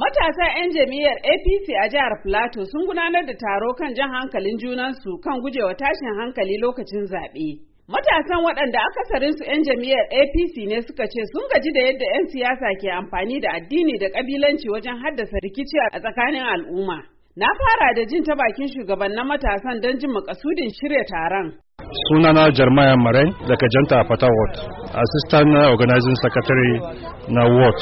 Matasa 'yan jam'iyyar APC a jihar Filato sun gudanar da taro kan jan hankalin junansu kan gujewa tashin hankali lokacin zaɓe. Matasan waɗanda akasarinsu 'yan jam'iyyar APC ne suka ce sun gaji da yadda 'yan siyasa ke amfani da addini da ƙabilanci wajen haddasa rikici a tsakanin al'umma. Na fara da jin ta bakin na matasan don jin makasudin shirya taron. sunana Jeremiah Marai daga Janta Fata Ward, Assistant Organizing Secretary na Ward.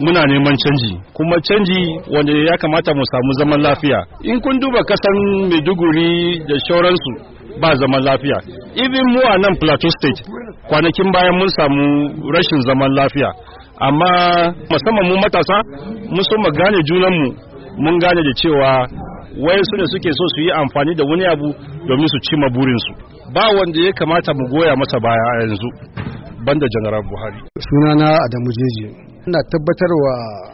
Muna neman canji, kuma canji wanda ya kamata mu samu zaman lafiya. In kun duba kasan Maiduguri da shauransu ba zaman lafiya. Even mu a nan Plateau State, kwanakin bayan mun samu rashin zaman lafiya. Amma musamman mu matasa, mun so mu gane junanmu, mun gane da cewa wayansu ne suke so su yi amfani da wani abu domin su cima burinsu. ba wanda ya kamata mu goya masa baya a yanzu banda janaral buhari sunana adamu jeji ina wa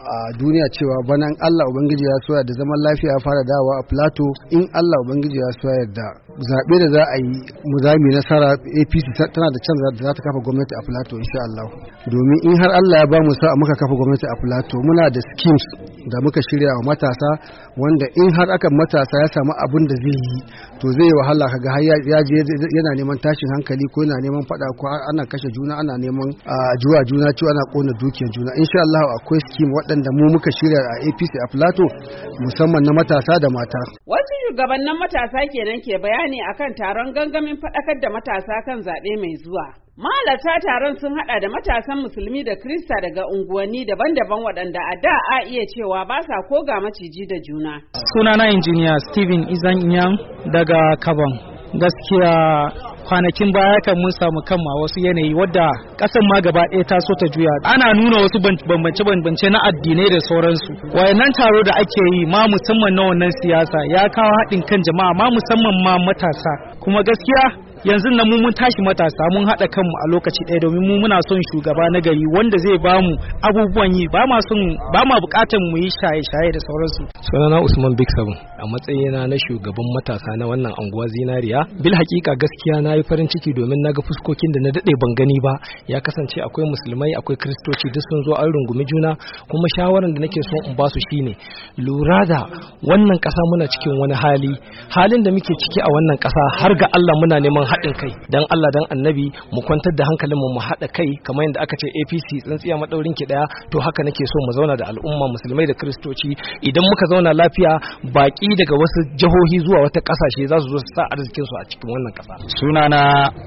a duniya cewa banan allah ubangiji ya soya da zaman lafiya fara dawa a plato in allah ubangiji ya soya da zaɓe da za a yi mu za mu nasara apc tana da canza da za ta kafa gwamnati a plato insha allah domin in har allah ya ba mu sa muka kafa gwamnati a plato muna da schemes da muka shirya wa matasa wanda in har aka matasa ya samu abun da zai yi to zai yi wahala kaga har ya yana neman tashin hankali ko yana neman fada ko ana kashe juna ana neman juwa juna ci ana kona dukiyar juna insha Allah akwai skim waɗanda mu muka shirya a APC a Plateau musamman na matasa da mata wasu shugabannin matasa kenan ke bayani akan taron gangamin faɗakar da matasa kan zaɓe mai zuwa Malata taron sun hada da matasan musulmi da Krista daga unguwanni daban-daban waɗanda a da a iya cewa ba sa ko ga maciji da juna. Sunana injiniya Steven Izan Yang daga Kabon. Gaskiya kwanakin baya kan mun samu kanmu wasu yanayi wadda kasan ma gaba ɗaya ta so ta juya ana nuna wasu bambance-bambance na addinai da sauransu wayannan taro da ake yi ma musamman na wannan siyasa ya kawo haɗin kan jama'a ma musamman ma matasa kuma gaskiya yanzu nan mu mun tashi matasa mun haɗa kanmu a lokaci ɗaya domin mu muna son shugaba na gari wanda zai ba mu abubuwan yi ba ma son ba ma buƙatar mu yi shaye-shaye da sauransu sunana Usman Big Seven a matsayina na shugaban matasa na wannan anguwa Zinariya bil haƙiƙa gaskiya na yi farin ciki domin na ga fuskokin da na daɗe ban gani ba ya kasance akwai musulmai akwai kiristoci. duk sun zo an rungumi juna kuma shawaran da nake son in ba su shine lura da wannan ƙasa muna cikin wani hali halin da muke ciki a wannan ƙasa har ga Allah muna neman haɗin kai dan Allah dan annabi mu kwantar da hankalin mu mu haɗa kai kamar yadda aka ce APC tsintsiya madaurin ki daya to haka nake so mu zauna da al'umma musulmai da kristoci idan muka zauna lafiya Baƙi daga wasu jihohi zuwa wata kasashe za su zo su sa arzikin su a cikin wannan kasa sunana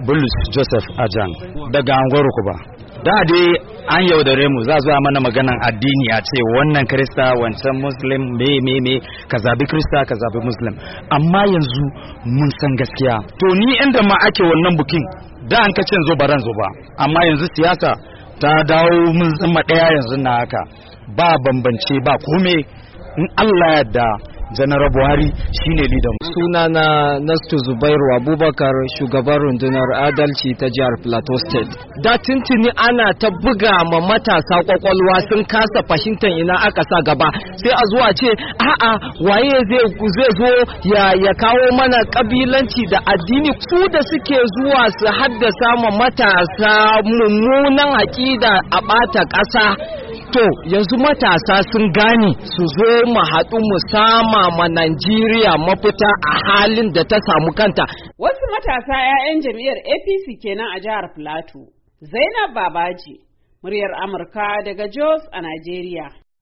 Bulus Joseph Ajan daga Angoro ba. da dai an yaudare mu za zuwa mana maganan addini a ce wannan krista wancan muslim me me me ka zabi krista ka zabi muslim amma yanzu mun san gaskiya to ni inda ma ake wannan bukin da an kace zo baran zo ba amma yanzu siyasa ta dawo mun zama daya yanzu na haka ba bambance ba kome in Allah yadda janar buhari shine lidan suna na nastu zubairu abubakar shugaban rundunar adalci ta jihar plateau state da tintini ana ta buga ma matasa kwakwalwa sun kasa fahimtar ina aka sa gaba sai a zuwa ce a'a waye zai zo ya kawo mana kabilanci da addini su da suke zuwa su haddasa ma matasa mummunan aƙida a bata kasa. to yanzu matasa sun gane su zo mu haɗu mu sama ma Najeriya mafita a halin da ta samu kanta. Wasu matasa 'ya'yan jam'iyyar APC kenan a jihar Filato. Zainab Babaji, muryar Amurka daga Jos a Najeriya.